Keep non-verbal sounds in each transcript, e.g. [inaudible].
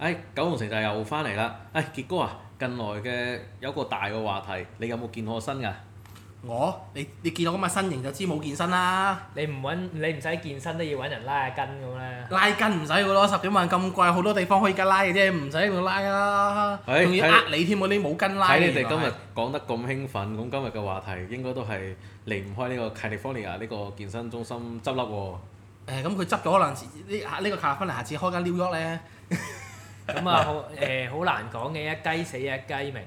誒、哎、九龍城就又翻嚟啦！誒、哎、傑哥啊，近來嘅有個大嘅話題，你有冇健身㗎？我你你見到我咁嘅身形就知冇健身，健身啦！你唔揾你唔使健身都要揾人拉下筋咁啦。拉筋唔使㗎咯，十幾萬咁貴，好多地方可以加拉嘅啫，唔使用拉啦。仲、哎、要呃你添，你冇筋拉。睇你哋今日講得咁興奮，咁今日嘅話題應該都係離唔開呢個 California 呢個健身中心執笠喎。誒咁佢執咗可能呢呢個 California 下次開間 New York 咧。 [laughs] 咁啊，好誒， [laughs] [laughs] 好難講嘅，一雞死一雞鳴。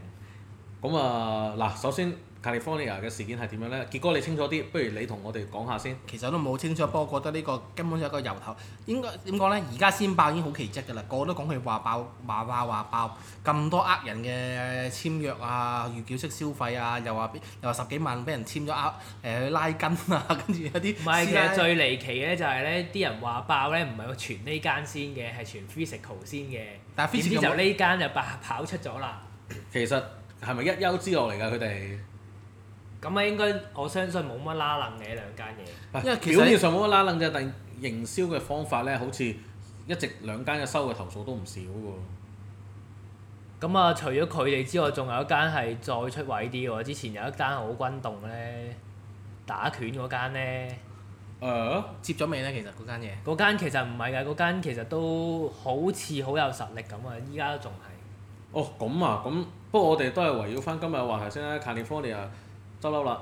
咁啊，嗱，首先。California 嘅事件係點樣咧？傑哥你清楚啲，不如你同我哋講下先。其實都冇清楚，不過覺得呢個根本係一個由頭。應該點講咧？而家先爆已經好奇蹟㗎啦，個個都講佢話爆話爆話爆咁多呃人嘅簽約啊、預繳式消費啊，又話又話十幾萬俾人簽咗呃去拉筋啊，跟住有啲唔係，其實最離奇嘅就係咧，啲人話爆咧唔係傳呢間先嘅，係傳 physical 先嘅。但係 physical 就呢間就爆跑出咗啦。其實係咪一休之落嚟㗎？佢哋？咁啊，應該我相信冇乜拉冷嘅兩間嘢。因為表面上冇乜拉冷啫，但營銷嘅方法咧，好似一直兩間嘅收嘅投訴都唔少喎。咁啊，除咗佢哋之外，仲有一間係再出位啲喎。之前有一間好轟動咧，打拳嗰間咧。誒？Uh, 接咗未咧？其實嗰間嘢。嗰間其實唔係㗎，嗰間其實都好似好有實力咁、哦、啊！依家都仲係。哦，咁啊，咁不過我哋都係圍繞翻今日嘅話題先啦，California。執笠啦！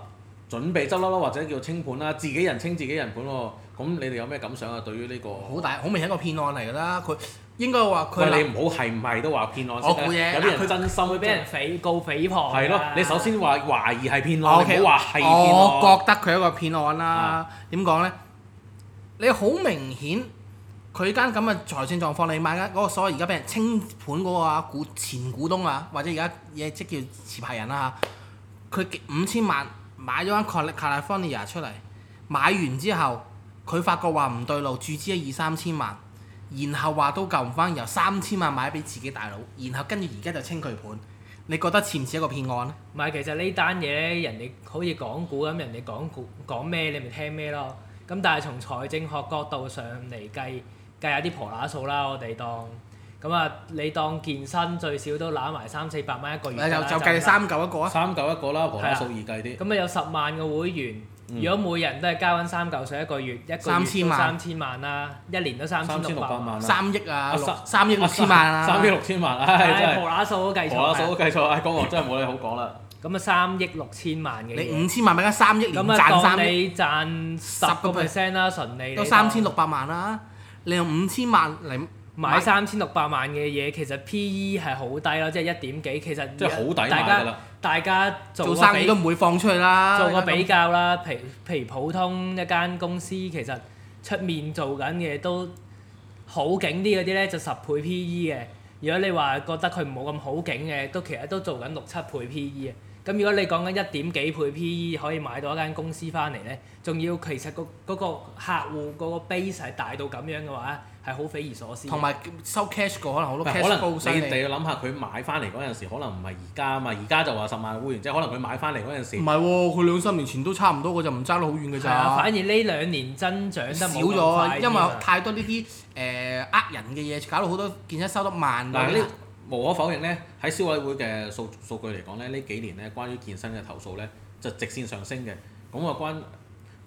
準備執笠啦，或者叫清盤啦，自己人清自己人盤喎。咁你哋有咩感想啊？對於呢、呢個好大，好明顯一個騙案嚟噶啦。佢應該話佢你唔好係唔係都話騙案？我估嘢、啊啊。有啲人佢真心會俾人誹告誹謗。係、啊、咯，你首先話懷疑係騙案，哦 okay. 你唔好話係。我覺得佢係一個騙案啦、啊。點講、嗯、呢？你好明顯，佢間咁嘅財政狀況，你買緊、那、嗰、個嗰個所謂而家俾人清盤嗰個股、啊、前股東啊，或者而家嘢即叫持牌人啦、啊、嚇。佢五千萬買咗間 California 出嚟，買完之後佢發覺話唔對路，注資一二三千萬，然後話都救唔返，然後三千萬買俾自己大佬，然後跟住而家就清佢盤，你覺得似唔似一個騙案咧？唔係，其實呢單嘢人哋好似講古咁，人哋講古講咩你咪聽咩咯。咁但係從財政學角度上嚟計，計下啲婆乸數啦，我哋當。咁啊，你當健身最少都攬埋三四百蚊一個月就計三嚿一個啊。三嚿一個啦，婆乸數易計啲。咁啊，有十萬個會員，如果每人都係交緊三嚿水一個月，一個月都三千萬啦，一年都三。三千六百萬。三億啊！三億六千萬啊！三億六千萬啊！係婆乸數都計錯。婆乸數都計錯，講話真係冇嘢好講啦。咁啊，三億六千萬嘅你五千萬揾緊三億，唔賺三億。咁啊，當你賺十個 percent 啦，純利都三千六百萬啦，你用五千萬嚟。買三千六百萬嘅嘢，其實 P/E 係好低咯，即係一點幾。其實即係好抵，大家大家做，做生意都唔會放出去啦。做個比較啦的，譬譬如普通一間公司，其實出面做緊嘅都好景啲嗰啲咧，就十倍 P/E 嘅。如果你話覺得佢冇咁好景嘅，都其實都做緊六七倍 P/E 嘅。咁如果你講緊一點幾倍 P/E 可以買到一間公司翻嚟咧，仲要其實個嗰個客戶嗰個 base 係大到咁樣嘅話。係好匪夷所思，同埋收 cash 個可能好多 cash 高曬。你你要諗下佢買翻嚟嗰陣時，可能唔係而家啊嘛，而家就話十萬會員，即係可能佢買翻嚟嗰陣時。唔係喎，佢兩三年前都差唔多，我就唔爭得好遠嘅咋。係啊。反而呢兩年增長得少咗，因為太多呢啲誒呃人嘅嘢，搞到好多健身收得慢。但係呢，無可否認咧，喺消委會嘅數數據嚟講咧，呢幾年咧關於健身嘅投訴咧就直線上升嘅，咁啊關。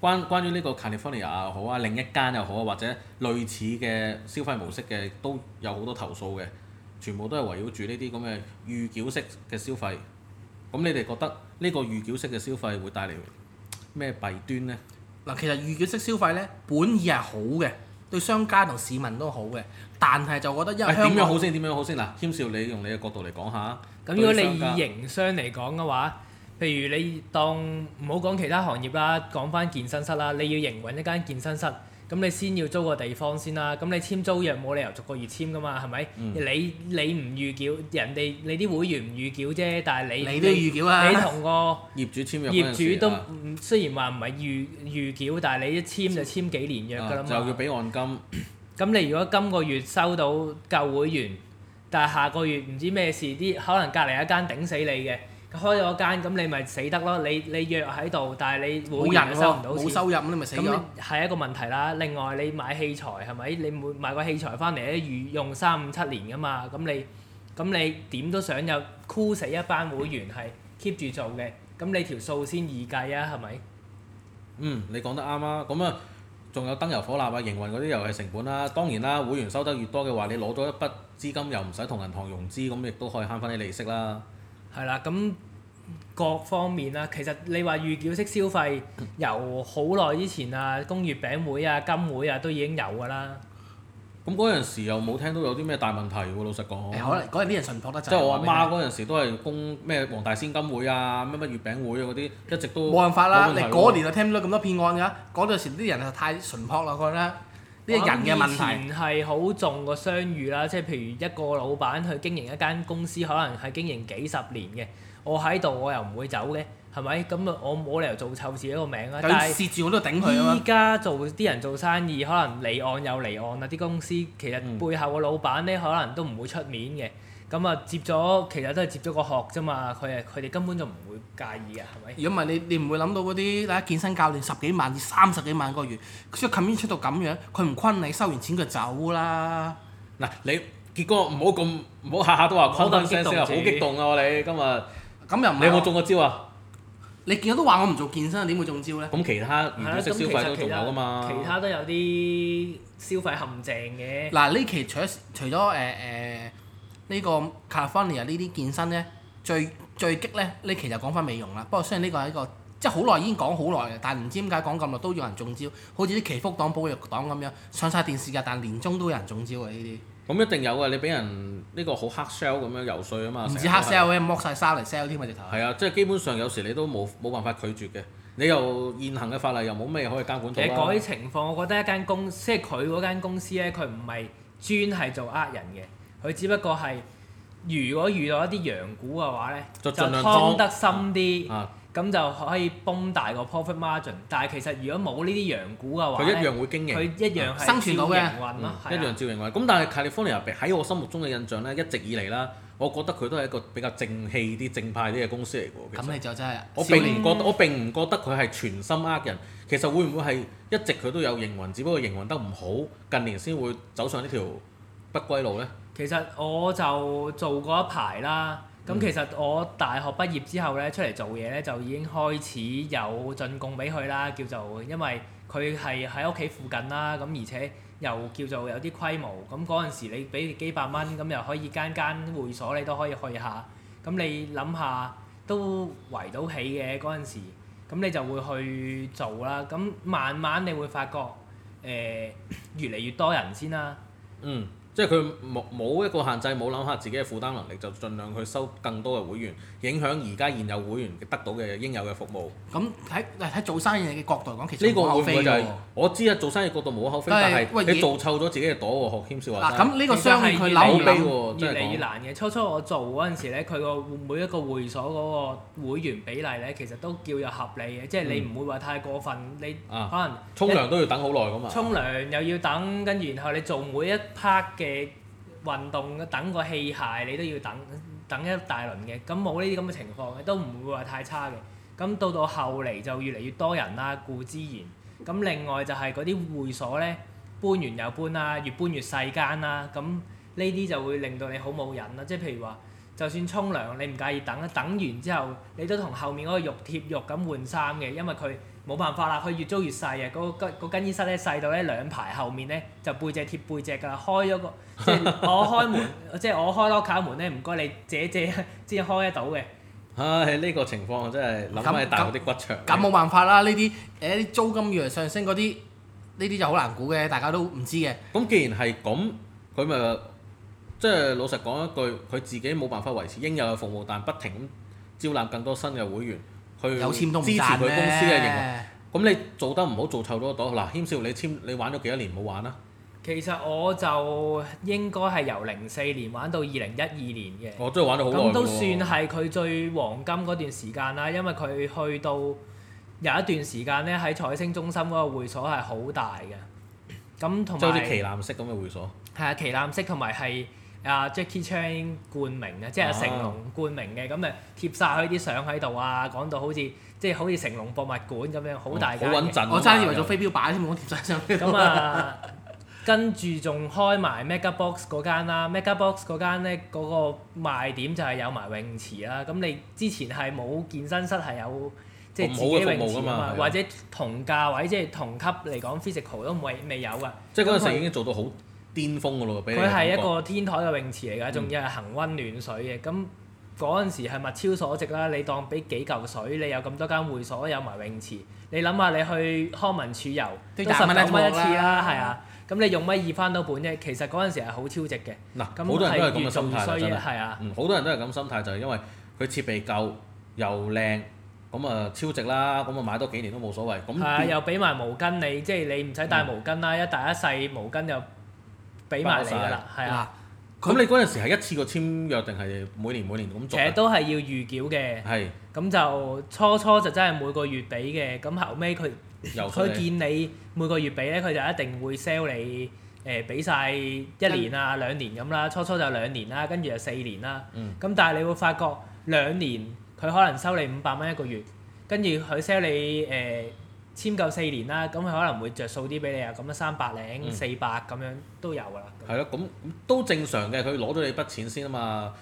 關關於呢個 California 又好啊，另一間又好啊，或者類似嘅消費模式嘅都有好多投訴嘅，全部都係圍繞住呢啲咁嘅預繳式嘅消費。咁你哋覺得呢個預繳式嘅消費會帶嚟咩弊端咧？嗱，其實預繳式消費咧本意係好嘅，對商家同市民都好嘅，但係就覺得因為、哎。點樣好先？點樣好先？嗱，謙少，你用你嘅角度嚟講下。咁如果你以營商嚟講嘅話。譬如你當唔好講其他行業啦，講返健身室啦，你要營運一間健身室，咁你先要租個地方先啦。咁你簽租約冇理由逐個月簽㗎嘛，係咪、嗯？你你唔預繳，人哋你啲會員唔預繳啫，但係你你都預繳啊！你同個業主簽約，業主都、啊、雖然話唔係預預繳，但係你一簽就簽幾年約㗎啦嘛、啊，就要俾按金。咁 [coughs] 你如果今個月收到舊會員，但係下個月唔知咩事，啲可能隔離一間頂死你嘅。開咗間咁你咪死得咯！你你約喺度，但係你會員收唔到錢，冇收入咁你咪死咗係一個問題啦。另外你買器材係咪？你每買個器材翻嚟咧，預用三五七年噶嘛。咁你咁你點都想有箍死一班會員係 keep 住做嘅，咁、嗯、你條數先易計啊？係咪？嗯，你講得啱啊！咁啊，仲有燈油火蠟啊、營運嗰啲又係成本啦。當然啦，會員收得越多嘅話，你攞咗一筆資金又唔使同銀行融資，咁亦都可以慳翻啲利息啦。係啦，咁各方面啦，其實你話預繳式消費、嗯、由好耐之前啊，供月餅會啊、金會啊，都已經有㗎啦。咁嗰陣時又冇聽到有啲咩大問題喎，老實講。可能嗰陣啲人純樸得滯。即係我阿媽嗰陣時都係供咩黃大仙金會啊、乜乜月餅會啊嗰啲，一直都。冇辦法啦！啊、你嗰年就聽唔到咁多騙案㗎，嗰陣時啲人就太純樸啦，我覺得。即係人嘅問題，我以前係好重個商譽啦，即係譬如一個老闆去經營一間公司，可能係經營幾十年嘅，我喺度我又唔會走嘅。係咪咁啊？我冇理由做臭自己字一個名啊。但係蝕住我都頂佢啊！依家做啲人做生意，可能離岸又離岸啦，啲公司其實背後個老闆咧，可能都唔會出面嘅。咁啊，接咗其實都係接咗個殼啫嘛。佢啊，佢哋根本就唔會介意啊。係咪？如果唔係，你唔會諗到嗰啲咧健身教練十幾萬至三十幾萬個月，出襟面出到咁樣，佢唔坤你收完錢佢走啦。嗱，你結果唔好咁，唔好下下都話。好激動啊！你今日天。咁又唔係你有冇中過招啊？你見到都話我唔做健身，點會中招咧？咁其他唔識消費都仲有㗎嘛，其。其他都有啲消費陷阱嘅。嗱，呢期除咗除咗誒誒呢個 California 呢啲健身咧，最最激咧呢期就講翻美容啦。不過雖然呢個係一個即係好耐已經講好耐嘅，但係唔知點解講咁耐都有人中招，好似啲祈福黨、保育黨咁樣上晒電視㗎，但係年終都有人中招嘅呢啲。咁一定有啊！你俾人呢個好黑 sell 咁樣游說啊嘛，唔止黑 sell，佢仲剝曬衫嚟 sell 添啊！直頭係啊，即係基本上有時你都冇冇辦法拒絕嘅。你又現行嘅法例又冇咩可以監管到啦。講起情況，啊、我覺得一間公司，即係佢嗰間公司咧，佢唔係專係做呃人嘅，佢只不過係如果遇到一啲羊股嘅話咧，嗯、就劏得深啲。嗯嗯嗯。咁就可以膨大個 profit margin，但係其實如果冇呢啲洋股嘅話，佢一樣會經營，佢、嗯、一樣係生存到嘅，一樣照營運。咁但係 California 喺我心目中嘅印象咧，一直以嚟啦，我覺得佢都係一個比較正氣啲、正派啲嘅公司嚟㗎。咁你就真係我並唔覺得，我並唔覺得佢係全心呃人。其實會唔會係一直佢都有營運，只不過營運得唔好，近年先會走上呢條不歸路咧？其實我就做過一排啦。咁、嗯、其實我大學畢業之後咧，出嚟做嘢咧就已經開始有進貢俾佢啦，叫做因為佢係喺屋企附近啦，咁而且又叫做有啲規模，咁嗰陣時你俾幾百蚊，咁又可以間間會所你都可以去下。咁你諗下都圍到起嘅嗰陣時，咁你就會去做啦。咁慢慢你會發覺誒、呃、越嚟越多人先啦。嗯。即係佢冇冇一個限制，冇諗下自己嘅負擔能力，就盡量去收更多嘅會員，影響而家現有會員得到嘅應有嘅服務。咁喺喺做生意嘅角度嚟講，其實呢個會唔會就係我知啊？做生意角度，冇口非，但係你做臭咗自己個朵喎，學謙笑話。嗱，咁呢個商業佢扭轉越嚟越難嘅。初初我做嗰陣時咧，佢個每一個會所嗰個會員比例咧，其實都叫有合理嘅，即係你唔會話太過分。你可能沖涼都要等好耐㗎嘛，沖涼又要等，跟住然後你做每一 part 嘅。嘅運動等個器械你都要等等一大輪嘅，咁冇呢啲咁嘅情況，都唔會話太差嘅。咁到到後嚟就越嚟越多人啦，固之然。咁另外就係嗰啲會所咧，搬完又搬啦，越搬越細間啦。咁呢啲就會令到你好冇癮啦。即係譬如話，就算沖涼你唔介意等，等完之後你都同後面嗰個肉貼肉咁換衫嘅，因為佢。冇辦法啦，佢越租越細啊！嗰個嗰間更衣室咧，細到咧，兩排後面咧，就背脊貼背脊㗎，開咗個即係我開門，即係我開攞卡門咧，唔該你借借先開得到嘅。唉，呢個情況啊，真係諗翻起大陸啲骨牆。咁冇辦法啦，呢啲誒租金越嚟上升嗰啲，呢啲就好難估嘅，大家都唔知嘅。咁、嗯、既然係咁，佢咪即係老實講一句，佢自己冇辦法維持應有嘅服務，但不停咁招攬更多新嘅會員。支持公司有簽都唔賺咩？咁你做得唔好，做臭咗個朵。嗱，謙少，你簽你玩咗幾多年？冇玩啦。其實我就應該係由零四年玩到二零一二年嘅。我都係玩咗好耐喎。咁都算係佢最黃金嗰段時間啦，因為佢去到有一段時間咧，喺彩星中心嗰個會所係好大嘅。咁同埋。即係啲旗艦式咁嘅會所。係啊，旗艦式同埋係。啊，Jackie Chan 冠名嘅，即係阿成龍冠名嘅，咁咪貼晒佢啲相喺度啊！講到好似即係好似成龍博物館咁樣，好大間嘅。我真係以為做飛鏢擺添，冇貼曬相。咁啊，跟住仲開埋 Mega Box 嗰間啦，Mega Box 嗰間咧，嗰個賣點就係有埋泳池啦。咁你之前係冇健身室，係有即係自己泳池啊嘛，或者同價位即係同級嚟講，Physical 都未未有噶。即係嗰陣時已經做到好。巔峯個咯，俾你。佢係一個天台嘅泳池嚟㗎，仲要係恆溫暖水嘅。咁嗰陣時係物超所值啦。你當俾幾嚿水，你有咁多間會所有埋泳池，你諗下你去康文署遊都廿蚊一蚊一次啦，係啊。咁你用乜易翻到本啫？其實嗰陣時係好超值嘅。嗱，好多人都係咁嘅心態啦，真係。係啊。嗯，好多人都係咁心態，就係因為佢設備夠又靚，咁啊超值啦。咁啊買多幾年都冇所謂。係啊，又俾埋毛巾你，即係你唔使帶毛巾啦。一大一細毛巾又。俾埋你㗎啦，係啊。咁的你嗰陣時係一次過簽約定係每年每年咁做？其實都係要預繳嘅。係是。咁就初初就真係每個月俾嘅，咁後尾佢佢見你每個月俾咧，佢就一定會 sell 你誒俾曬一年啊兩年咁、啊、啦。初初就兩年啦、啊，跟住就四年啦、啊。咁、嗯、但係你會發覺兩年佢可能收你五百蚊一個月，跟住佢 sell 你誒。呃簽夠四年啦，咁佢可能會着數啲俾你啊，咁樣三百零四百咁樣都有噶啦。係咯、嗯，咁、嗯、都正常嘅，佢攞咗你筆錢先啊嘛，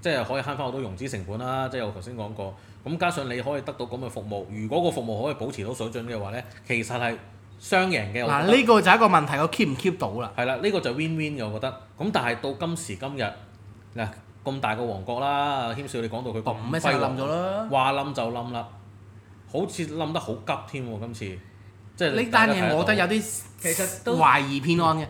即係可以慳翻好多融資成本啦，即係我頭先講過。咁加上你可以得到咁嘅服務，如果個服務可以保持到水準嘅話咧，其實係雙贏嘅。嗱，呢個就係一個問題，我 keep 唔 keep 到啦。係啦、嗯，呢個就 win win 嘅，我覺得。咁但係到今時今日，嗱、啊、咁大個王國啦，謙少你講到佢咁輝煌，話冧就冧啦。好似冧得好急添，啊，喎，今次即係呢單嘢，我覺得有啲其實懷疑騙案嘅，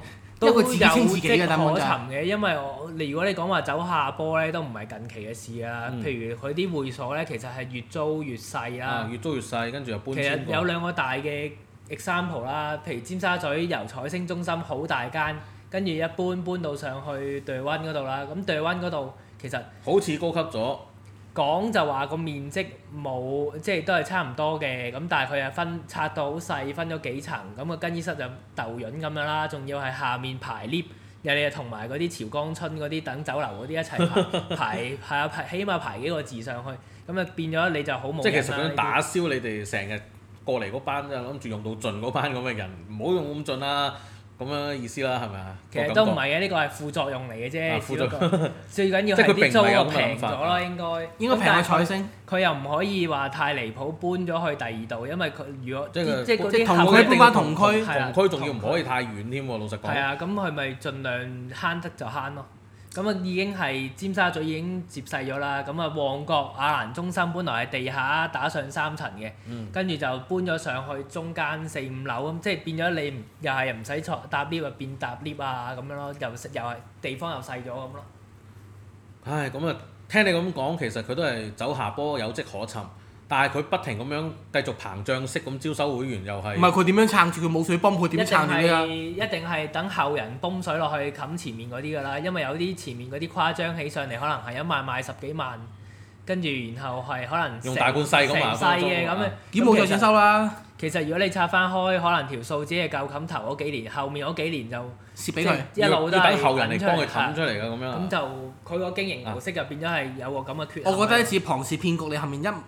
一有自己嘅，跡可尋嘅，因為我如果你講話走下坡咧，都唔係近期嘅事啊。嗯、譬如佢啲會所咧，其實係越租越細啊，啊。越租越細，跟住又搬。其實有兩個大嘅 example 啦，譬如尖沙咀由彩星中心好大間，跟住一搬搬到上去 The One 嗰度啦，咁 The One 嗰度其實好似高級咗。講就話個面積冇，即係都係差唔多嘅。咁但係佢又分拆到好細，分咗幾層。咁個更衣室就豆潤咁樣啦，仲要係下面排 lift，人哋又你又同埋嗰啲潮江春嗰啲等酒樓嗰啲一齊排 [laughs] 排排啊排，起碼排幾個字上去。咁啊變咗你就好無。即係其實打想打消你哋成日過嚟嗰班啫，諗住用到盡嗰班咁嘅人，唔好用咁盡啦。咁樣嘅意思啦，係咪啊？其實都唔係嘅，呢個係副作用嚟嘅啫。副作用最緊要係啲租平咗咯，應該應該平過彩星。佢又唔可以話太離譜，搬咗去第二度，因為佢如果即係即係同佢搬翻同區，同區仲要唔可以太遠添喎。老實講係啊，咁佢咪盡量慳得就慳咯。咁啊，已經係尖沙咀已經接勢接細咗啦。咁啊，旺角亞蘭雅蘭中心本來係地下打上三層嘅，跟住、嗯、就搬咗上去中間四五樓咁，即係變咗你又係唔使坐搭 lift，又變搭 lift 啊咁樣咯，又又係地方又細咗咁咯。樣唉，咁啊，聽你咁講，其實佢都係走下坡，有跡可尋。但係佢不停咁樣繼續膨脹式咁招收會員又係，唔係佢點樣撐住？佢冇水泵佢點樣撐住？一定係等後人泵水落去冚前面嗰啲㗎啦，因為有啲前面嗰啲誇張起上嚟，可能係一萬賣十幾萬，跟住然後係可能用大罐細咁啊，幾冇著錢收啦。Okay. 其實如果你拆翻開，可能條數只係夠冚頭嗰幾年，後面嗰幾年就蝕俾佢，一路都等後人嚟幫佢冚出嚟。咁咁、啊、就佢個經營模式就變咗係有個咁嘅缺。我覺得似龐氏騙局，你後面一斷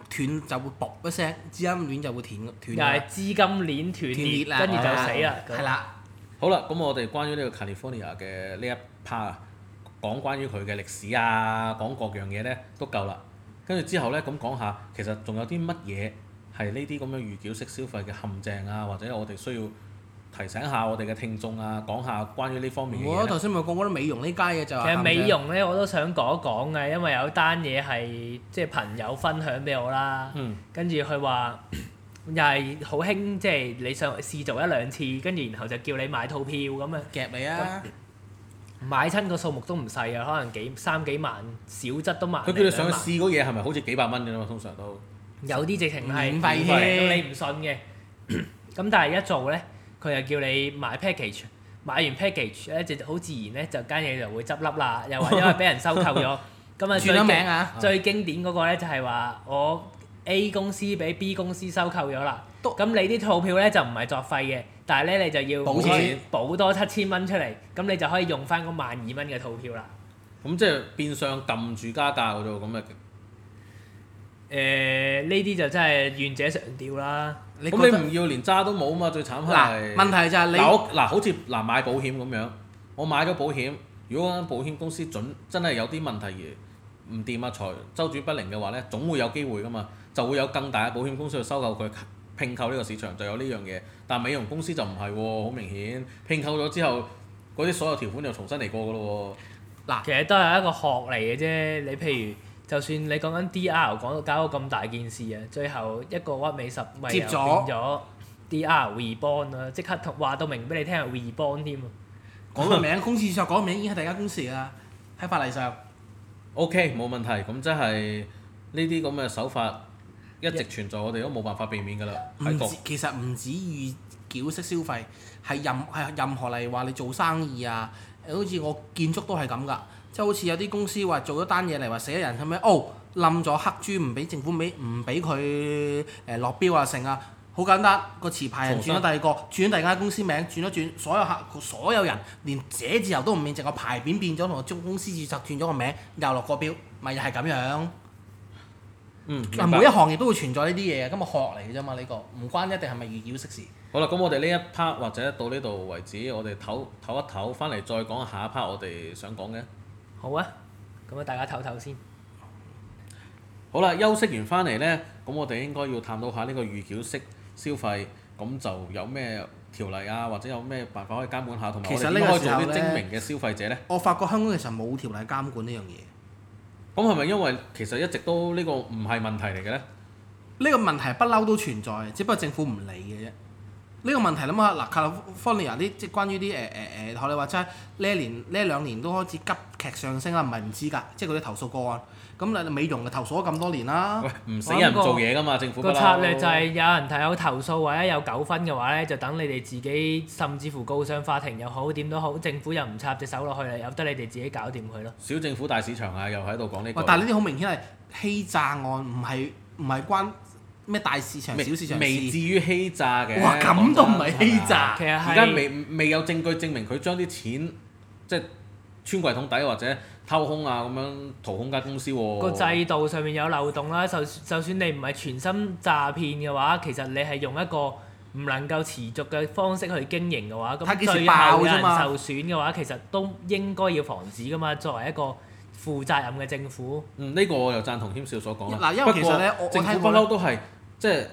就會噥一聲，資金鏈就會斷。又係資金鏈斷裂，跟住就死啦。係啦、啊樣。好啦，咁我哋關於呢個 California 嘅呢一 part 講關於佢嘅歷史啊，講各樣嘢咧都夠啦。跟住之後咧，咁講下其實仲有啲乜嘢？係呢啲咁樣預繳式消費嘅陷阱啊，或者我哋需要提醒下我哋嘅聽眾啊，講下關於呢方面嘅、嗯、我頭先咪講過啲美容呢家嘢就。其實美容呢，我都想講一講嘅，因為有單嘢係即係朋友分享俾我啦。嗯、跟住佢話又係好興，即係你想試做一兩次，跟住然後就叫你買套票咁樣啊，夾你啊！買親個數目都唔細啊，可能幾三幾萬，少則都萬,萬。佢叫你上去試嗰嘢係咪好似幾百蚊㗎嘛？通常都。有啲直情係免費，你唔信嘅。咁 [coughs] 但係一做咧，佢又叫你買 package，買完 package 咧，就好自然咧，就間嘢就會執笠啦。又或者係俾人收購咗。咁 [laughs] 啊，住咗名啊！最經典嗰個咧就係話我 A 公司俾 B 公司收購咗啦。咁都你啲套票咧就唔係作廢嘅，但係咧你就要補錢，補多七千蚊出嚟，咁你就可以用翻嗰萬二蚊嘅套票啦。咁、嗯、即係變相撳住加價嗰度咁啊！誒呢啲就真係願者上吊啦！咁你唔要連渣都冇啊嘛！最慘係嗱問題就係你嗱，好似嗱買保險咁樣，我買咗保險，如果間保險公司準真係有啲問題而唔掂啊，財周轉不靈嘅話咧，總會有機會噶嘛，就會有更大嘅保險公司去收購佢併購呢個市場，就有呢樣嘢。但係美容公司就唔係喎，好明顯併購咗之後，嗰啲所有條款又重新嚟過噶咯喎。嗱，其實都係一個學嚟嘅啫。你譬如。就算你講緊 D.R. 講到搞到咁大件事啊，最後一個屈美十咪接咗 D.R. Reborn 啦，即刻同話到明俾你聽 Reborn 添啊！講個名 [laughs] 公司上講個名已經係大家公事啦，喺法例上。O.K. 冇問題，咁即係呢啲咁嘅手法一直存在，一我哋都冇辦法避免㗎啦。其實唔止預繳式消費，係任係任何嚟話你做生意啊，好似我建築都係咁㗎。即係好似有啲公司話做咗單嘢嚟話死咗人咁樣，哦冧咗黑豬唔俾政府俾唔俾佢誒落標啊成啊，好簡單個持牌人又轉咗第二個，轉咗第二間公司名轉咗轉，所有客所有人連寫字樓都唔變，淨個牌匾變咗同個中公司註冊轉咗個名又落個標，咪又係咁樣。嗯。每一行業都會存在呢啲嘢嘅，今日學嚟嘅啫嘛，呢個唔關一定係咪預繳息事。好啦，咁我哋呢一 part 或者到呢度為止，我哋唞唞一唞，翻嚟再講下一 part 我哋想講嘅。好啊，咁樣大家唞唞先。好啦，休息完翻嚟呢，咁我哋應該要探討下呢個預繳式消費，咁就有咩條例啊，或者有咩辦法可以監管下，同埋其我哋應該做啲精明嘅消費者呢，呢。我發覺香港其實冇條例監管呢樣嘢。咁係咪因為其實一直都呢、呢個唔係問題嚟嘅呢？呢個問題不嬲都存在，只不過政府唔理嘅啫。呢個問題諗下，嗱，卡洛芬尼亞啲即係關於啲誒誒誒，學你話齋，呢、呃、一年呢兩年都開始急劇上升啦，唔係唔知㗎，即係嗰啲投訴個案。咁嗱，美容嘅投訴咗咁多年啦，唔死人唔做嘢㗎嘛，呃那個、政府個策略就係有人有投訴或者有糾紛嘅話咧，就等你哋自己，甚至乎告上法庭又好點都好，政府又唔插隻手落去啦，由得你哋自己搞掂佢咯。小政府大市場啊，又喺度講呢個。但係呢啲好明顯係欺詐案，唔係唔係關。咩大市場、小市場市，未至於欺詐嘅。哇！咁都唔係欺詐。其實而家未未有證據證明佢將啲錢即係、就是、穿櫃桶底或者偷空啊咁樣掏空間公司喎、啊。個制度上面有漏洞啦、啊。就就算你唔係全心詐騙嘅話，其實你係用一個唔能夠持續嘅方式去經營嘅話，咁佢爆嘅嘛，受損嘅話，其實都應該要防止噶嘛。作為一個負責任嘅政府。呢、嗯呢個我又贊同謙少所講啦。嗱，因為其實咧，我我政府不嬲都係。即係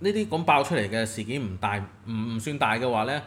呢啲咁爆出嚟嘅事件唔大，唔唔算大嘅話咧，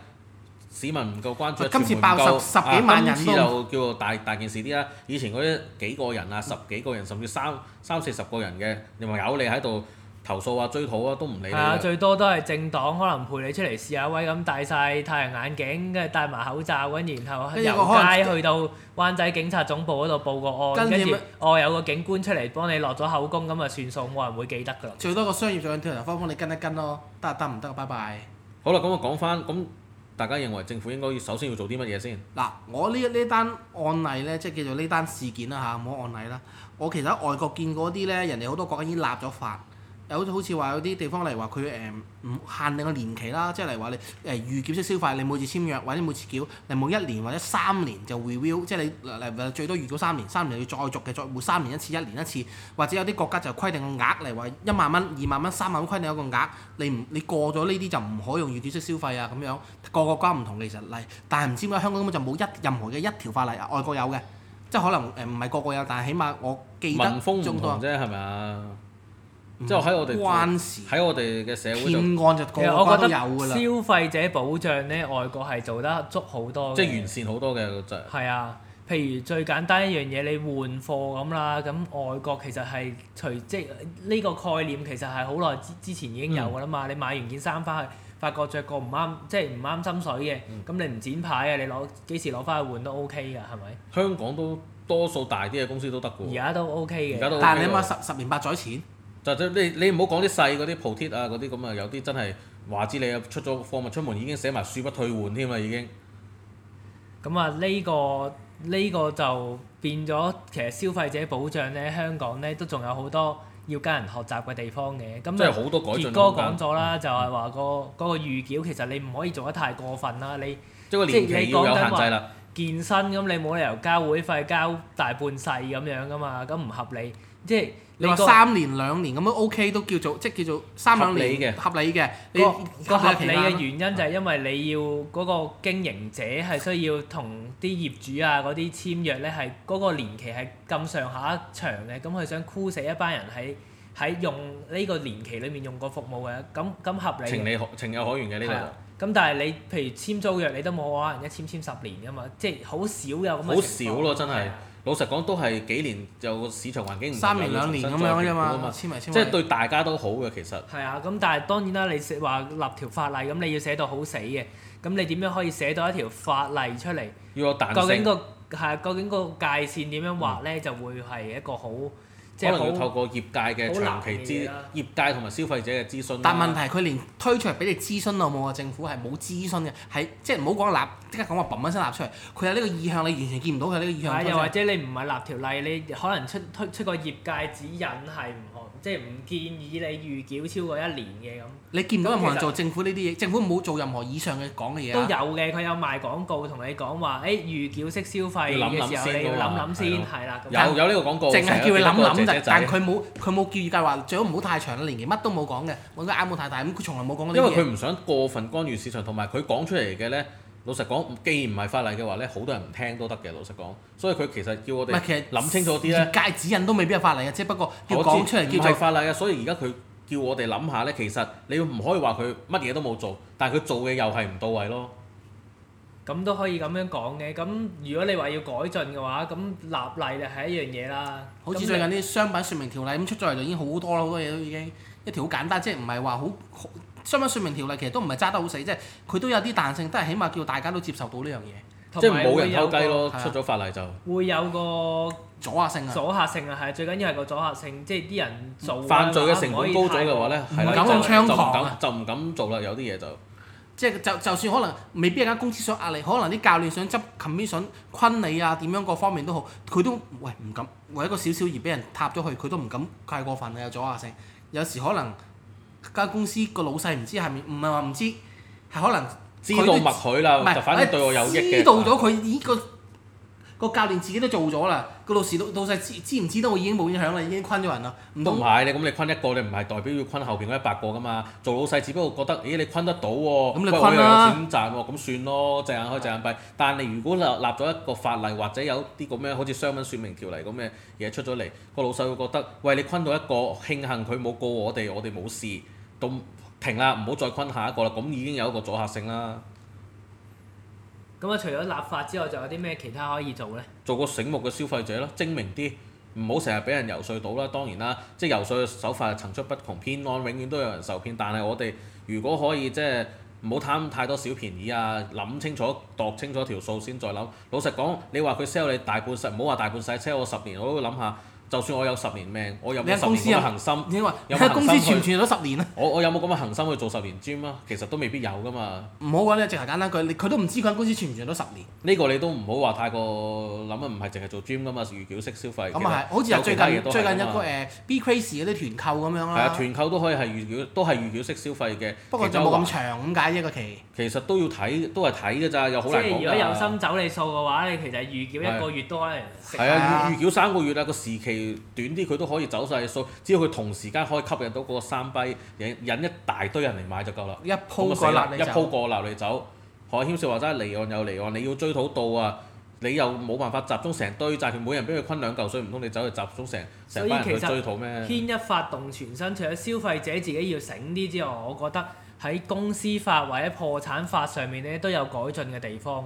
市民唔夠關注，今次爆十幾萬人啊！因此就叫大大件事啲啦。以前嗰啲幾個人啊，十幾個人，甚至三三四十個人嘅，你話有你喺度。投訴啊，追討啊，都唔理你。啊，最多都係政黨可能陪你出嚟試下威，咁戴晒太陽眼鏡，跟住戴埋口罩，跟住然後遊街去到灣仔警察總部嗰度報個案，跟住著著哦，有個警官出嚟幫你落咗口供，咁就算數，冇人會記得㗎啦。最多個商業上啲人幫幫你跟一跟咯，得啊，得唔得啊？拜拜。好啦，咁我講翻咁，大家認為政府應該首先要做啲乜嘢先？嗱，我呢呢單案例咧，即係叫做呢單事件啦吓，唔好案例啦。我其實喺外國見過啲咧，人哋好多國家已經立咗法。有好似好似話有啲地方例如話佢誒唔限定個年期啦，即係例如話你誒預繳式消費，你每次簽約或者每次繳，你每一年或者三年就 review，即係你嚟嚟、呃、最多預咗三年，三年要再續嘅，再換三年一次，一年一次。或者有啲國家就規定個額嚟話一萬蚊、二萬蚊、三萬蚊，規定一個額，你唔你過咗呢啲就唔可以用預繳式消費啊咁樣。個個國家唔同，其實嚟，但係唔知點解香港根本就冇一任何嘅一條法例，外國有嘅，即、就、係、是、可能誒唔係個個有，但係起碼我記得中國啫係咪啊？即係喺我哋喺我哋嘅社會度，個個我覺得消費者保障咧，外國係做得足好多即係完善好多嘅就係、係。係啊，譬如最簡單一樣嘢，你換貨咁啦，咁外國其實係隨即呢個概念其實係好耐之之前已經有㗎啦嘛。嗯、你買完件衫翻去，發覺着過唔啱，即係唔啱心水嘅，咁、嗯、你唔剪牌啊？你攞幾時攞翻去換都 OK 㗎，係咪？香港都多數大啲嘅公司都得㗎喎。而家都 OK 嘅，OK 但係你諗下，十年八載前？就你你唔好講啲細嗰啲鋪貼啊，嗰啲咁啊，有啲真係話知你出咗貨，咪出門已經寫埋恕不退換添啦，已經、啊。咁啊呢個呢，呢個就變咗其實消費者保障咧，香港咧，都仲有好多要跟人學習嘅地方嘅。即係好多改進哥講咗啦，嗯、就係話，嗰個嗰，嗯、個預繳其實你唔可以做得太過分啦，你即係年期要有限制啦。健身咁你冇理由交會費交大半世咁樣噶嘛，咁唔合理。即係你三年兩年咁都 OK，都叫做即係叫做三兩年合理嘅。你合理嘅你原因就係因為你要嗰個經營者係需要同啲業主啊嗰啲簽約咧，係嗰個年期係咁上下長嘅，咁佢想箍死一班人喺喺用呢個年期裡面用個服務嘅。咁咁合理情理可情有可原嘅呢個。咁的的但係你譬如簽租約，你都冇可能一簽簽十年㗎嘛，即係好少有咁嘅情況。好少咯、啊，真係。老實講，都係幾年就個市場環境唔同，三年兩年咁樣啫嘛，千萬千萬即係對大家都好嘅其實。係啊，咁但係當然啦，你話立條法例，咁你要寫到好死嘅，咁你點樣可以寫到一條法例出嚟？要彈性。究竟個係、啊、究竟個界線點樣劃咧，嗯、就會係一個好。即可能要透過業界嘅長期諮，啊、業界同埋消費者嘅諮詢。但係問題，佢連推出嚟俾你諮詢都冇啊！政府係冇諮詢嘅，係即係唔好講立，立即刻講話砰一聲立出嚟。佢有呢個意向，你完全見唔到佢有呢個意向。係對，又或者你唔係立條例，你可能出出個業界指引係。即係唔建議你預繳超過一年嘅咁。你見唔到任何人做政府呢啲嘢？政府冇做任何以上嘅講嘅嘢啊。都有嘅，佢有賣廣告同你講話，誒預繳式消費嘅時候你要諗諗先，係啦。有有呢個廣告。淨係叫佢諗諗啫，但係佢冇佢冇建議計劃，最好唔好太長嘅年期，乜都冇講嘅，個額冇太大，咁佢從來冇講呢啲嘢。因為佢唔想過分干預市場，同埋佢講出嚟嘅咧。老實講，既然唔係法例嘅話咧，好多人唔聽都得嘅。老實講，所以佢其實叫我哋諗清楚啲咧。業界指引都未必係法例嘅，只不過我講出嚟叫。唔係法例啊，所以而家佢叫我哋諗下咧，其實你唔可以話佢乜嘢都冇做，但係佢做嘅又係唔到位咯。咁都可以咁樣講嘅。咁如果你話要改進嘅話，咁立例就係一樣嘢啦。好似最近啲商品説明條例咁出咗嚟，就已經好多啦，好多嘢都已經一條好簡單，即係唔係話好。商品説明條例其實都唔係揸得好死，即係佢都有啲彈性，都係起碼叫大家都接受到呢樣嘢。即係冇人偷雞咯，出咗法例就的會有個阻嚇性啊！阻嚇性啊，係最緊要係個阻嚇性，即係啲人犯罪嘅成本高咗嘅話咧，係啦，的就就唔敢，狂敢，就唔敢做啦。有啲嘢就即係就就算可能未必有間公司想壓力，可能啲教練想執，甚至想困你啊，點樣各方面都好，佢都喂唔敢，為一個小小而俾人踏咗去，佢都唔敢太過分啦。有阻嚇性，有時可能。間公司個老細唔知係咪，唔係話唔知，係可能知道默許啦，是就反而對我有益嘅。知道咗佢咦，咦個個教練自己都做咗啦，個老細闆老老細知唔知道，我已經冇影響啦，已經坤咗人啦。唔同唔係你咁你坤一個，你唔係代表要坤後邊嗰一百個噶嘛？做老細只不過覺得，咦、哎、你坤得到喎、啊，不過你又有錢賺喎、啊，咁、啊、算咯，隻眼開隻眼閉。但係你如果立立咗一個法例，或者有啲咁嘅好似商品説明條例咁嘅嘢出咗嚟，個老細會覺得喂，你坤到一個，慶幸佢冇告我哋，我哋冇事。都停啦，唔好再昆下一個啦，咁已經有一個阻嚇性啦。咁啊，除咗立法之外，仲有啲咩其他可以做咧？做個醒目嘅消費者咯，精明啲，唔好成日俾人游説到啦。當然啦，即係遊説手法層出不窮，騙案永遠都有人受騙，但係我哋如果可以即係唔好貪太多小便宜啊，諗清楚、度清楚條數先再諗。老實講，你話佢 sell 你大半世，唔好話大半世 sell 我十年，我都會諗下。就算我有十年命，我有公司有恒心，你話，公司存唔存咗十年啊？我我有冇咁嘅恒心去做十年 gym 啊？其實都未必有噶嘛。唔好話你淨係簡單句，佢都唔知佢間公司存唔存咗十年。呢個你都唔好話太過諗啊！唔係淨係做 gym 噶嘛，預繳式消費。咁啊係好似最近最近一個誒 Be Crazy 嗰啲團購咁樣啦。係啊，團購都可以係預繳，都係預繳式消費嘅。不過冇咁長咁解一個期。其實都要睇，都係睇嘅咋，又好難，即係如果有心走你數嘅話，你其實預繳一個月多啦。係啊，預預繳三個月啦，個時期。短啲佢都可以走數，只要佢同時間可以吸引到嗰個三批引引一大堆人嚟買就夠啦。一鋪過啦，你走。海、嗯、謙少話真係離岸又離岸，你要追討到啊！你又冇辦法集中成堆債權，每人俾佢坤兩嚿水，唔通你走去集中成成班人去追討咩？所以其實，牽一發動全身，除咗消費者自己要醒啲之外，我覺得喺公司法或者破產法上面咧都有改進嘅地方喎。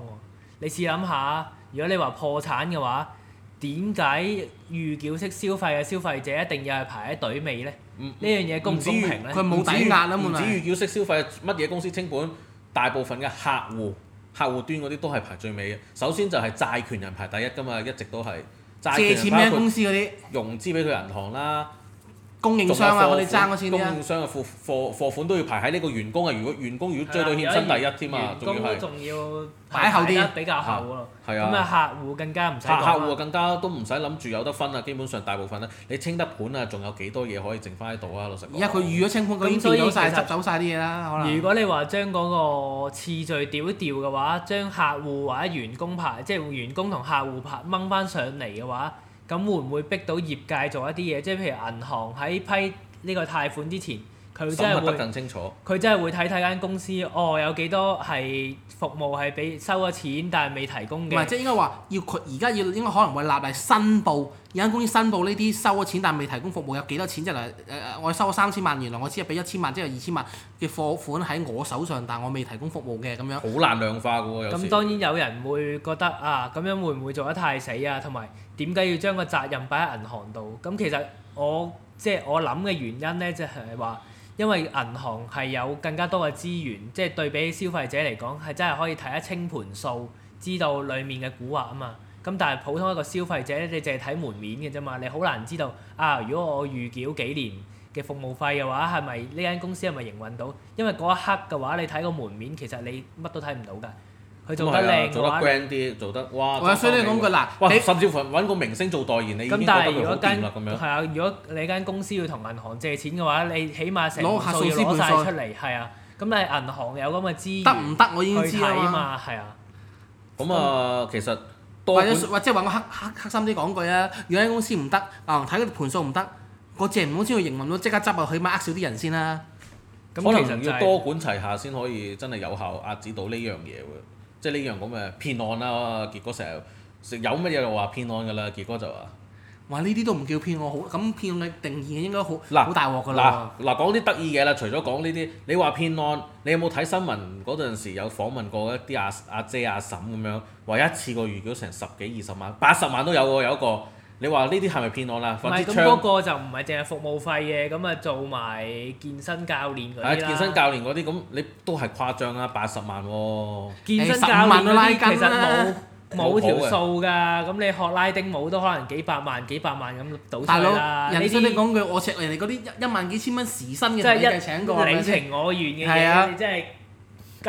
你試諗下，如果你話破產嘅話，點解預繳式消費嘅消費者一定要係排喺隊尾咧？嗯、樣公公呢樣嘢公唔公平咧，佢冇抵押啊嘛！唔止預繳式消費，乜嘢公司清盤，嗯、大部分嘅客戶、客戶端嗰啲都係排最尾嘅。首先就係債權人排第一㗎嘛，一直都係。債權人借錢公司嗰啲融資俾佢銀行啦。供應商啊，我哋爭嗰錢供應商啊，付貨貨，貨，貨款都要排喺呢個員工啊！如果員工如果追到欠薪的第一添啊，仲要擺後啲，排排比較後咯。咁啊，客戶更加唔使，客戶更加都唔使諗住有得分啊！基本上大部分咧，你清得盤啊，仲有幾多嘢可以剩翻喺度啊，老實講。而家佢預咗清盤，佢已經走曬執走晒啲嘢啦。實如果你話將嗰個次序調調嘅話，將客戶或者員工排，即係員工同客戶排掹翻上嚟嘅話。咁會唔會逼到業界做一啲嘢？即係譬如銀行喺批呢個貸款之前。佢真係會，佢真係會睇睇間公司哦，有幾多係服務係俾收咗錢但係未提供嘅。唔係，即係應該話要佢，而家要應該可能會立嚟申報，有間公司申報呢啲收咗錢但係未提供服務有幾多錢，即係誒誒，我收咗三千萬，原來我只係俾一千萬，即係二千萬嘅貨款喺我手上，但我未提供服務嘅咁樣。好難量化㗎喎。咁當然有人會覺得啊，咁樣會唔會做得太死啊？同埋點解要將個責任擺喺銀行度？咁其實我即係、就是、我諗嘅原因咧，即係話。因為銀行係有更加多嘅資源，即係對比起消費者嚟講，係真係可以睇得清盤數，知道裡面嘅古惑啊嘛。咁但係普通一個消費者你淨係睇門面嘅咋嘛，你好難知道啊。如果我預繳幾年嘅服務費嘅話，係咪呢間公司係咪營運到？因為嗰一刻嘅話，你睇個門面，其實你乜都睇唔到㗎。做得靚，做得 grand 啲，做得哇！所以你講句嗱，甚至乎揾個明星做代言，你已經覺得佢好掂咁樣。係如果你間公司要同銀行借錢嘅話，你起碼成個數字攞曬出嚟，係啊。咁你銀行有咁嘅資源，得唔得，我已經知啊嘛，係啊。咁啊，其實或者或即係話我黑黑心啲講句啊，如果間公司唔得啊，睇嗰盤數唔得，個借唔到先去營運咯，即刻執落去，咪呃少啲人先啦。咁可能要多管齊下先可以真係有效壓止到呢樣嘢喎。即係呢樣咁嘅騙案啦、啊，結果成日成有乜嘢就話騙案㗎啦，結果就話：哇！呢啲都唔叫騙案好，咁騙案嘅定義應該好，好大鑊㗎啦。嗱嗱講啲得意嘢啦，啦除咗講呢啲，你話騙案，你有冇睇新聞嗰陣時有訪問過一啲阿阿姐阿嬸咁樣話一次過預繳成十幾二十萬，八十萬都有喎，有一個。你話呢啲係咪騙案啦？唔係咁嗰個就唔係淨係服務費嘅，咁啊做埋健身教練嗰啲健身教練嗰啲咁，你都係誇張啊，八十萬喎、哦。欸、健身教練拉其實冇冇、啊、條數㗎，咁你學拉丁舞都可能幾百萬、幾百萬咁倒貼啦。哥些人你講句些我請人哋嗰啲一萬幾千蚊時薪嘅，你係請過係咪先？係啊！就是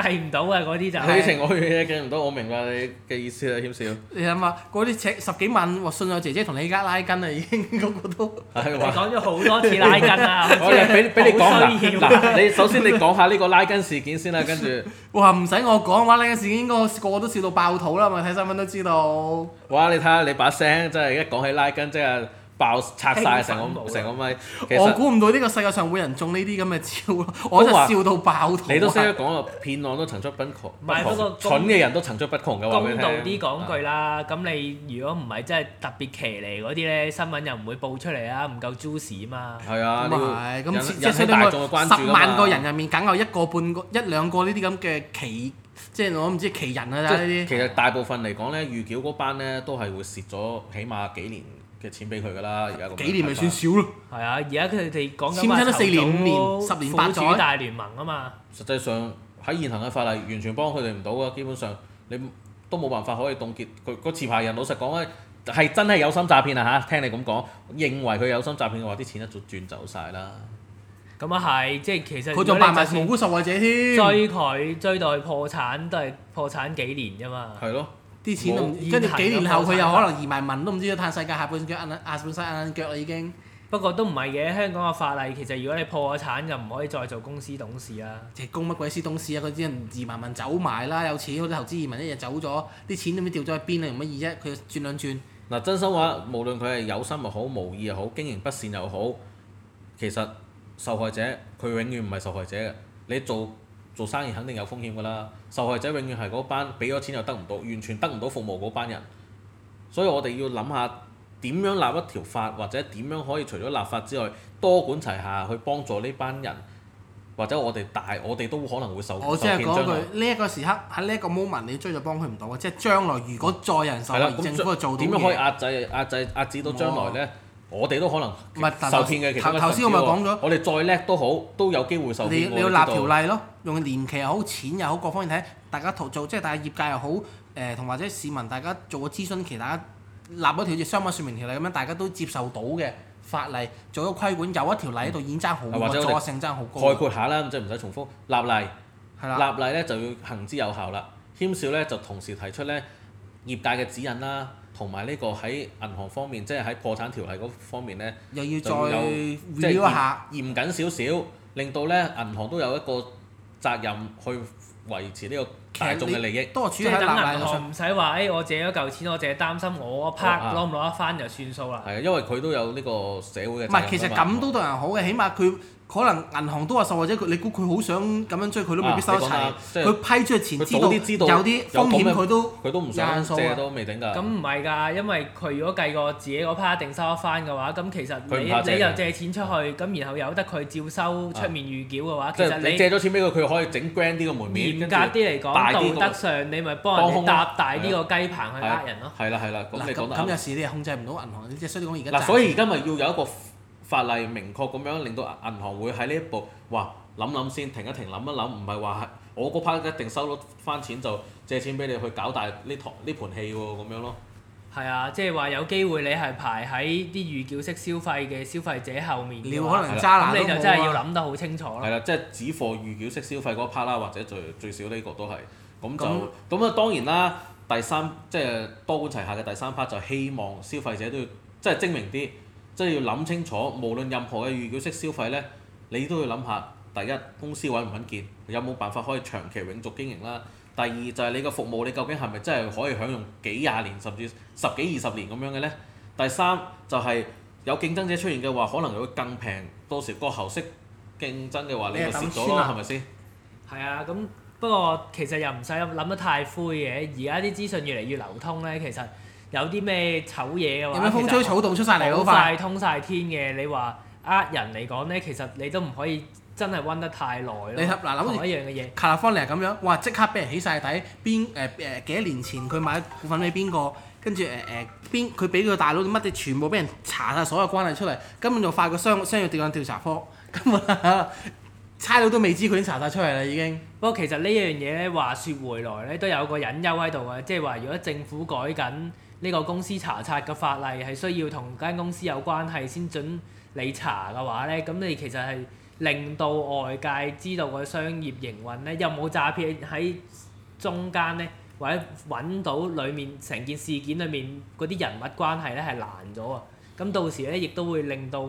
計唔到啊！嗰啲就係、你情我願嘅，計唔到。我明㗎，你嘅意思啊，謙少。你諗下，嗰啲請十幾萬，信我姐姐同你而家拉筋啊，已經個個都講咗好多次拉筋啊。我哋俾俾你講啦，嗱， [laughs] 你首先你講下呢個拉筋事件先啦，跟住哇，唔使我講話，呢個事件應該個個都笑到爆肚啦，嘛。睇新聞都知道。哇！你睇下你把聲，真係一講起拉筋，真係～爆拆晒成個成個咪，我估唔到呢個世界上會有人中呢啲咁嘅招咯，我就笑到爆肚。你都識得講啊，騙案都層出不窮，唔係，不過蠢嘅人都層出不窮嘅話俾你公道啲講句啦，咁你如果唔係真係特別騎呢嗰啲咧，新聞又唔會報出嚟啦，唔夠 juicy 嘛。係啊，咁即係即係大眾嘅關注。十萬個人入面，梗有一個半個、一兩個呢啲咁嘅奇，即係我唔知奇人啊！呢啲其實大部分嚟講咧，預繳嗰班咧都係會蝕咗，起碼幾年。嘅錢俾佢㗎啦，而家幾年咪算少咯。係啊，而家佢哋講簽新都四年五年十年，苦主大聯盟啊嘛。實際上喺現行嘅法例完全幫佢哋唔到啊！基本上你都冇辦法可以凍結佢嗰持牌人，老實講啊，係真係有心詐騙啊吓。聽你咁講，認為佢有心詐騙嘅話，啲錢一早轉走晒啦。咁啊係，即係其實佢仲扮埋無辜受害者添，追佢追到佢破產都係破產幾年啫嘛。係咯。 [noise] 啲錢都跟住現幾年後，佢又可能移埋民都唔知嘆世界下半腳印下半世腳啦已經。不過都唔係嘅，香港嘅法例其實如果你破產就唔可以再做公司董事啊。即係公乜鬼司董事啊？佢只能移埋民走埋啦，有錢好啲投資移民一日走咗，啲錢都唔知掉咗去邊啊？容乜易啫？佢轉兩轉。嗱，真心話，無論佢係有心又好，無意又好，經營不善又好，其實受害者佢永遠唔係受害者嘅。你做？做生意肯定有風險㗎啦，受害者永遠係嗰班俾咗錢又得唔到，完全得唔到服務嗰班人。所以我哋要諗下點樣立一條法，或者點樣可以除咗立法之外，多管齊下去幫助呢班人，或者我哋大，我哋都可能會受，我只係講句，呢一個時刻喺呢一個 moment，你追就幫佢唔到啊！即係將來如果再有人受害，的政府做點樣可以壓制壓制壓止到將來呢？我哋都可能受騙嘅，但係頭先我咪講咗。我哋再叻都好，都有機會受騙嘅。你你要立條例咯，用年期又好、錢又好，各方面睇，大家做即係大家業界又好，誒同或者市民大家做個諮詢期，大家立一條商品説明條例咁樣，大家都接受到嘅法例做一個規管，有一條例喺度，競爭好，助性爭好高。概括下啦，即係唔使重複，立例。係啦。立例咧就要行之有效啦，兼少咧就同時提出咧業界嘅指引啦。同埋呢個喺銀行方面，即係喺破產條例嗰方面呢，又要再 review 一下，嚴謹少少，令到呢銀行都有一個責任去維持呢個大眾嘅利益。多處喺銀行，唔使話，誒，我借咗嚿錢，我淨係擔心我 part 攞唔攞得翻，啊、拿拿就算數啦。係啊，因為佢都有呢個社會嘅責任。唔係，其實咁都對人好嘅，起碼佢。可能銀行都話受，或者佢，你估佢好想咁樣追佢都未必收齊。佢批出嚟前知道有啲風險，佢都唔想借都未頂㗎。咁唔係㗎，因為佢如果計過自己嗰 part 定收得翻嘅話，其實你你又借錢出去，咁然後由得佢照收出面預繳嘅話，其實你借咗錢俾佢，佢可以整 grand 啲嘅門面。嚴格啲嚟講，道德上你咪幫人搭大呢個雞棚去呃人咯。係啦係啦，咁有時你控制唔到銀行，即係所以講而家。所以而家咪要有一個法例明確咁樣，令到銀行會喺呢一步，哇！諗諗先，停一停，諗一諗，唔係話我嗰 part 一定收到返錢就借錢俾你去搞大呢台呢盤戲喎，咁樣咯。係啊，即係話有機會你係排喺啲預繳式消費嘅消費者後面。你可能揸硬你就真係要諗得好清楚。係啦、啊，即係止貨預繳式消費嗰 part 啦，或者最最少呢個都係。咁就咁啊！那就當然啦，第三即係多管齊下嘅第三 part 就希望消費者都要即係精明啲。即係要諗清楚，無論任何嘅預繳式消費咧，你都要諗下：第一，公司穩唔穩健，有冇辦法可以長期永續經營啦；第二，就係、是、你個服務，你究竟係咪真係可以享用幾廿年，甚至十幾二十年咁樣嘅咧？第三就係、是、有競爭者出現嘅話，可能會更平。到時個後式競爭嘅話，你就蝕咗囉，係咪先？係了啊，咁不過其實又唔使諗得太灰嘅，而家啲資訊越嚟越流通咧，其實～有啲咩醜嘢嘅話，風吹草動出晒嚟好快，實說通晒天嘅。說天你話呃人嚟講咧，其實你都唔可以真係溫得太耐咯。你合嗱好似一樣嘅嘢，卡納芳尼係咁樣，哇！即刻俾人起晒底，邊誒誒幾多年前佢買股份俾邊個？跟住誒誒，邊佢俾佢大佬乜嘢全部俾人查曬所有關係出嚟，根本就發個商商業罪案調查科。根本差佬、啊、都未知佢已經查晒出嚟啦已經。不過 [laughs] 其實呢一樣嘢咧，話說回來咧，都有個隱憂喺度啊，即係話如果政府改緊。就是呢個公司查冊嘅法例係需要同間公司有關係先準你查嘅話咧，咁你其實係令到外界知道個商業營運咧有冇詐騙喺中間咧，或者揾到裡面成件事件裡面嗰啲人物關係咧係難咗啊！咁到時咧亦都會令到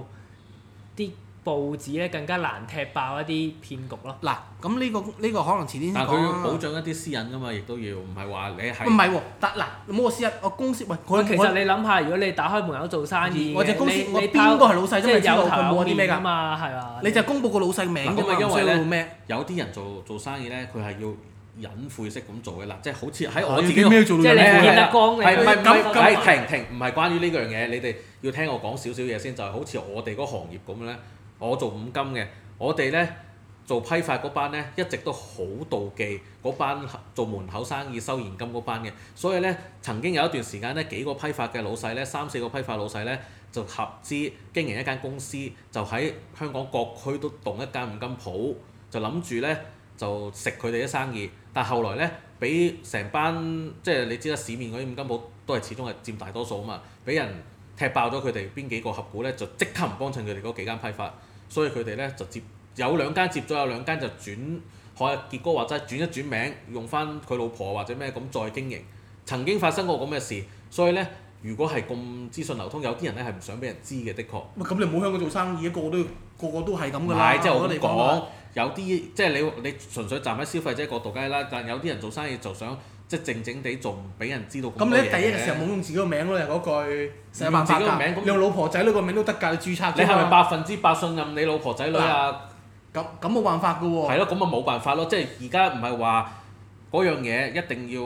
啲。報紙咧更加難踢爆一啲騙局咯。嗱，咁呢個呢個可能遲啲先。但佢要保障一啲私隱㗎嘛，亦都要，唔係話你係。唔係喎，得嗱，冇話私隱我公司喂。其實你諗下，如果你打開門口做生意，我隻公司我邊個係老細都係有頭啊嘛，係嘛？你就公佈個老細名啫嘛，因為咧有啲人做做生意咧，佢係要隱晦式咁做嘅啦，即係好似喺我自己。即係你見得光嘅。係咪唔係？停停，唔係關於呢樣嘢，你哋要聽我講少少嘢先，就好似我哋嗰個行業咁咧。我做五金嘅，我哋咧做批發嗰班咧一直都好妒忌嗰班做門口生意收現金嗰班嘅。所以咧曾經有一段時間咧幾個批發嘅老細咧三四個批發老細咧就合資經營一間公司，就喺香港各區都棟一間五金鋪，就諗住咧就食佢哋啲生意，但後來咧俾成班即係你知啦，市面嗰啲五金鋪都係始終係佔大多數啊嘛，俾人。踢爆咗佢哋邊幾個合股咧，就即刻唔幫襯佢哋嗰幾間批發，所以佢哋咧就接有兩間接咗，有兩間就轉海傑哥話齋轉一轉名，用翻佢老婆或者咩咁再經營。曾經發生過咁嘅事，所以咧如果係咁資訊流通，有啲人咧係唔想俾人知嘅，的確。喂，咁你唔好向佢做生意啊！個個都個個都係咁噶。唔係，即係我講有啲，即係你你純粹站喺消費者角度梗係啦，但有啲人做生意就想。即係靜靜地，做，唔俾人知道咁。你第一日成日冇用自己個名咯，又嗰句。成日自己個名，那用老婆仔女個名都得㗎，你註冊你。你係咪百分之百信任你老婆仔女啊？咁咁冇辦法㗎喎、啊。係咯，咁咪冇辦法咯。即係而家唔係話嗰樣嘢一定要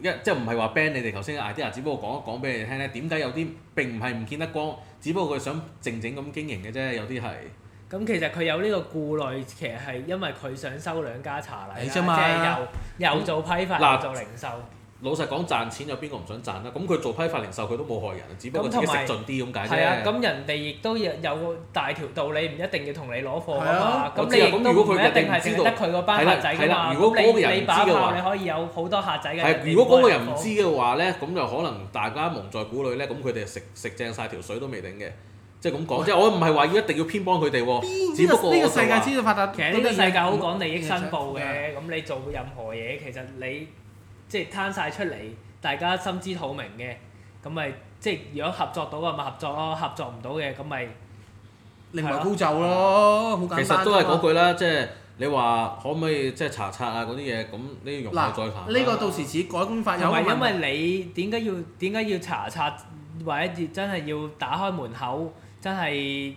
一即係唔係話 ban 你哋頭先 idea。只不過講一講俾你哋聽咧，點解有啲並唔係唔見得光，只不過佢想靜靜咁經營嘅啫。有啲係。咁其實佢有呢個顧慮，其實係因為佢想收兩家茶禮，嘛即係又又做批發，嗯、又做零售。老實講賺錢有邊個唔想賺啦？咁佢做批發零售佢都冇害人，只不過佢食盡啲咁解啫。係啊，咁人哋亦都有大條道理，唔一定要同你攞貨啊嘛。咁的你如果佢一定係知道得佢個班客仔㗎嘛？唔定你把炮你可以有好多客仔嘅。係的，如果嗰個人唔知嘅話咧，咁就可能大家蒙在鼓裏咧，咁佢哋食食正晒條水都未定嘅。即係咁講，即係我唔係話要一定要偏幫佢哋喎。只不過呢個世界知道發達，其實呢個世界好講利益申報嘅。咁你做任何嘢，其實你即係攤晒出嚟，大家心知肚明嘅。咁咪即係如果合作到嘅咪合作咯，合作唔到嘅咁咪另外鋪就咯。好簡單。其實都係嗰句啦，即係你話可唔可以即係查冊啊嗰啲嘢？咁你個用再談。呢個到時只改公法。又係因為你點解要點解要查冊？或者要真係要打開門口？真係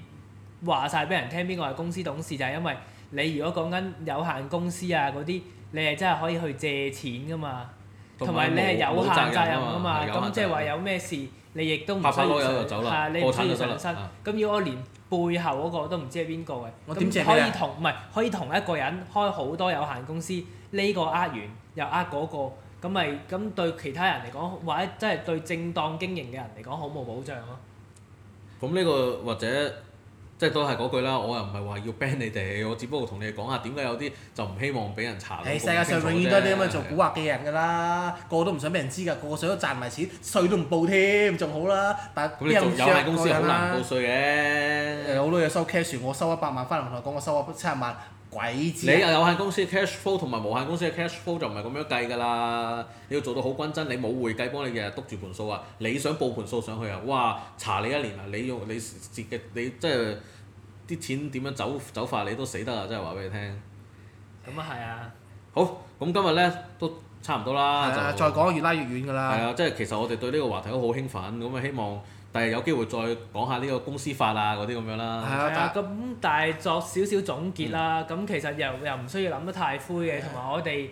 話晒俾人聽，邊個係公司董事就係、是、因為你如果講緊有限公司啊嗰啲，你係真係可以去借錢噶嘛，同埋你係有限責任噶嘛，咁即係話有咩事你亦都唔需要償還，你唔需要上身，咁要我連背後嗰個都唔知係邊個嘅，我咁可以同唔係可以同一個人開好多有限公司，呢、這個呃完又呃嗰、那個，咁咪咁對其他人嚟講，或者真係對正當經營嘅人嚟講好冇保障咯。咁呢、呢個或者即係都係嗰句啦，我又唔係話要 ban 你哋，我只不過同你哋講下點解有啲就唔希望俾人查到咁清楚啫。世界上永遠都有啲咁嘅做蠱惑嘅人㗎啦的個個人，個個都唔想俾人知㗎，個個想都賺埋錢，稅都唔報添，仲好啦。但係，咁你做有限公司好難報稅嘅、啊。誒、哎，好多嘢收 cash，我收一百萬翻嚟同佢講，我收咗七十萬。鬼知啊你啊，有限公司嘅 cash flow 同埋無限公司嘅 cash flow 就唔係咁樣計㗎啦，你要做到好均真，你冇會計幫你日日篤住盤數啊，你想報盤數上去啊，哇查你一年啊，你用你自嘅，你即係啲錢點樣走走法你都死得啊，真係話俾你聽。咁啊係啊。好就，咁今日呢都差唔多啦，就再講越拉越遠㗎啦。係啊，即係其實我哋對呢個話題都好興奮，咁啊希望。第日有機會再講下呢個公司法啊嗰啲咁樣啦。係啊，咁但係作少少總結啦。咁、嗯、其實又又唔需要諗得太灰嘅，同埋的我哋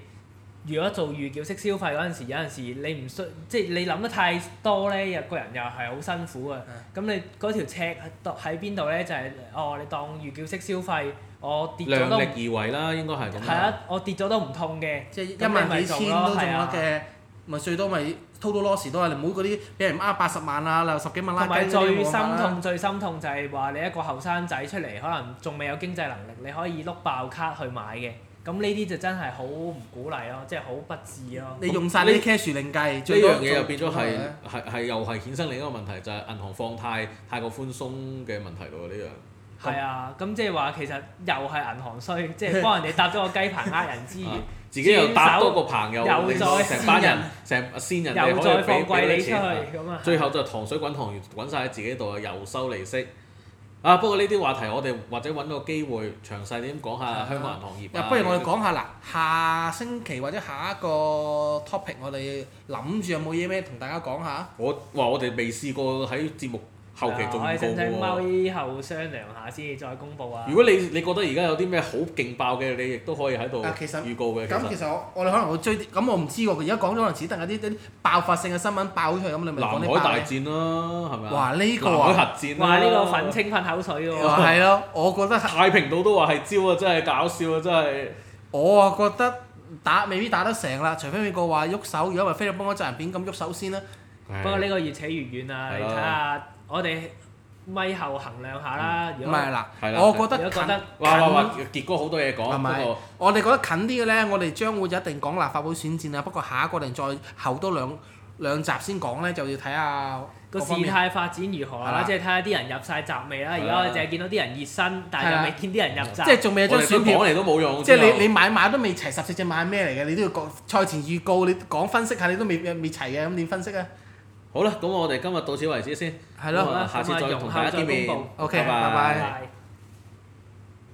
如果做預繳式消費嗰陣時，有陣時你唔需即係、就是、你諗得太多咧，又個人又係好辛苦啊。咁的你嗰條尺度喺邊度咧？就係、是、哦，你當預繳式消費，我跌咗都。量力而為啦，應該係。係啊，我跌咗都唔痛嘅，即係一萬幾千都仲得嘅，咪的最多咪、就是。Total loss 都係你唔好嗰啲俾人呃八十萬啊，十幾萬拉雞咁埋最心痛，嗎痛、最心痛就係、是、話你一個後生仔出嚟，可能仲未有經濟能力，你可以碌爆卡去買嘅。咁呢啲就真係好唔鼓勵咯，即係好不智咯。你用晒呢啲 cash 另計，呢樣嘢又變咗係係係又係衍生另一個問題，就係、是、銀行放貸太，太過寬鬆嘅問題咯，呢、這、樣、個。係那啊，咁即係話其實又係銀行衰，即、就、係、是、幫人哋搭咗個雞棚呃人之餘。 [laughs] [laughs] 自己又搭多個棚，又成班人，成仙人又可以俾貴你錢，啊、最後就糖水滾糖漿滾曬喺自己度又收利息。啊！不過呢啲話題，我哋或者揾個機會詳細啲講下香港銀行業、啊啊。不如我哋講下啦，下星期或者下一個 topic，我哋諗住有冇嘢咩同大家講下？我話我哋未試過喺節目。後期仲高喎。可以等等後商量下先，至再公佈啊。如果你你覺得而家有啲咩好勁爆嘅，你亦都可以喺度預告嘅。咁其實我我哋可能會追啲，咁我唔知喎。佢而家講咗可能只係得嗰啲爆發性嘅新聞爆出嚟咁，你咪講啲南海大戰咯，係咪啊？是是哇！呢、這個啊，南海核戰。哇！呢、這個憤青噴口水喎、啊。係咯，我覺得。 [laughs] 太平島都話係招啊！真係搞笑啊！真係。我啊覺得打未必打得成啦，除非個話喐手，如果唔係菲律賓嗰人片咁喐手先啦、啊。不過呢個越扯越遠啊。的你睇下。我哋咪後衡量下啦。唔係啦，我覺得。如果覺得哇，哇傑哥好多嘢講。唔係是，那個、我哋覺得近啲嘅咧，我哋將會一定講立法會選戰啦。不過下一個定再後多兩兩集先講咧，就要睇下個事態發展如何啦。即係睇下啲人入晒閘未啦。而家我淨係見到啲人熱身，但係又未見啲人入閘。即係仲未有張選票嚟都冇用。即係你你買馬都未齊，十四隻馬係咩嚟嘅？你都要講賽前預告，你講分析下，你都未未齊嘅，咁點分析啊？好啦，咁我哋今日到此為止先。係咯的，下次再同大家見面。見面 okay, 拜拜。拜拜